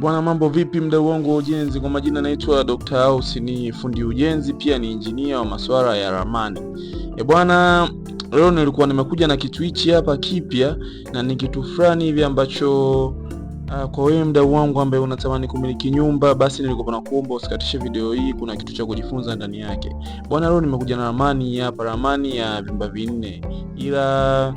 Bwana, mambo vipi mdau wangu wa ujenzi? Kwa majina naitwa Dr. Ausi, ni fundi ujenzi pia ni injinia wa masuala ya ramani. E bwana, leo nilikuwa nimekuja na kitu hichi hapa kipya na ni kitu fulani hivi ambacho uh, kwa wewe mdau wangu ambaye unatamani kumiliki nyumba, basi nilikuwa kuomba usikatishe video hii, kuna kitu cha kujifunza ndani yake. Bwana, leo nimekuja na ramani hapa, ramani ya vyumba vinne ila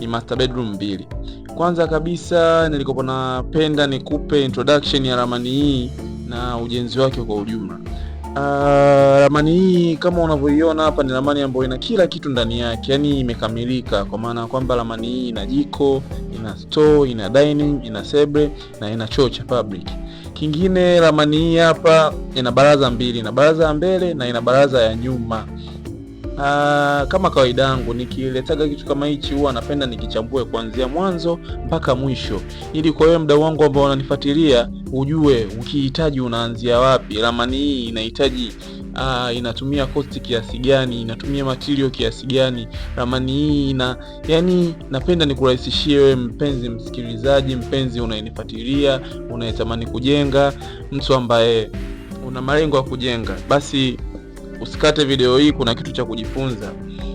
ni master bedroom mbili. Kwanza kabisa nilikuwa napenda nikupe introduction ya ramani hii na ujenzi wake kwa ujumla. Uh, ramani hii kama unavyoiona hapa ni ramani ambayo ina kila kitu ndani yake, yani imekamilika, kwa maana ya kwamba ramani hii ina jiko, ina store, ina dining, ina sebre na ina choo cha public. Kingine ramani hii hapa ina baraza mbili, ina baraza ya mbele na ina baraza ya nyuma. Ah, kama kawaida yangu nikiletaga kitu kama hichi huwa napenda nikichambue kuanzia mwanzo mpaka mwisho, ili kwa wewe mdau wangu ambao unanifuatilia ujue ukihitaji unaanzia wapi. Ramani hii inahitaji aa, ah, inatumia cost kiasi gani, inatumia material kiasi gani, ramani hii ina yani, napenda nikurahisishie wewe mpenzi msikilizaji, mpenzi unayenifuatilia, unayetamani kujenga, mtu ambaye una malengo ya kujenga, basi usikate video hii, kuna kitu cha kujifunza.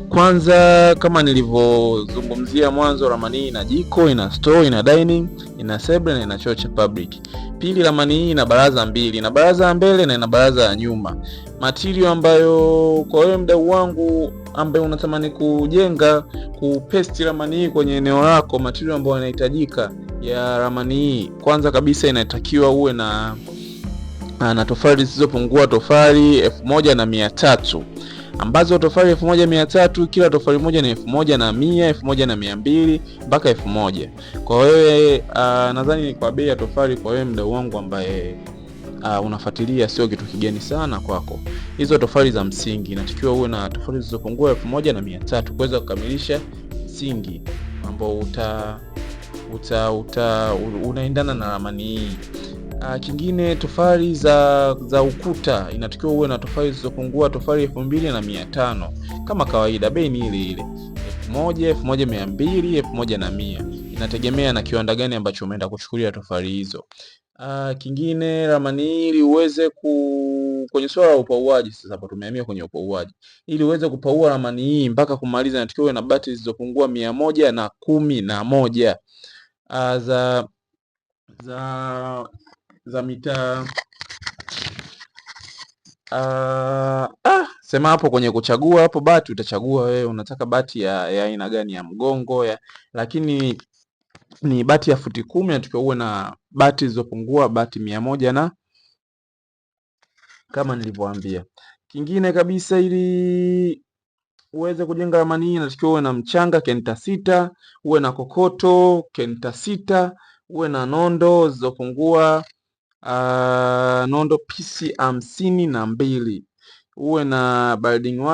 Kwanza, kama nilivyozungumzia mwanzo, ramani hii ina jiko, ina store, ina dining, ina sebule na ina choo cha public. Pili, ramani hii ina baraza mbili, ina baraza ya mbele na ina baraza ya nyuma. Material ambayo kwa wewe mdau wangu ambaye unatamani kujenga, kupesti ramani hii kwenye eneo lako, material ambayo inahitajika ya ramani hii, kwanza kabisa inatakiwa uwe na Ah, na tofali zisizopungua tofali 1300 ambazo tofali 1300 kila tofali moja ni 1100 1200 mpaka 1000 kwa wewe uh, nadhani kwa bei ya tofali kwa wewe mdau wangu ambaye uh, unafuatilia sio kitu kigeni sana kwako hizo tofali za msingi inatakiwa uwe na tofali zilizopungua elfu moja na mia tatu kuweza kukamilisha msingi ambao uta uta uta unaendana na ramani hii Uh, kingine tofali za za ukuta inatakiwa uwe na tofali zilizopungua tofali elfu mbili na mia tano kama kawaida. Bei ni ile ile elfu moja elfu moja mia mbili elfu moja na mia inategemea na kiwanda gani ambacho umeenda kuchukulia tofali hizo. Uh, kingine ramani ili uweze ku kwenye swala la upauaji sasa, hapo tumehamia kwenye upauaji. Ili uweze kupaua ramani hii mpaka kumaliza, inatakiwa uwe na bati zilizopungua mia moja na kumi na moja uh, za za za mitaa. Uh, ah, sema hapo kwenye kuchagua hapo bati utachagua wewe unataka bati ya aina gani ya mgongo ya, lakini ni bati ya futi kumi natakiwa uwe na bati zilizopungua bati mia moja na kama nilivyoambia. Kingine kabisa, ili uweze kujenga ramani hii natakiwa uwe na mchanga kenta sita, uwe na kokoto kenta sita, uwe na nondo zilizopungua uh, nondo pc hamsini na mbili uwe na balding wire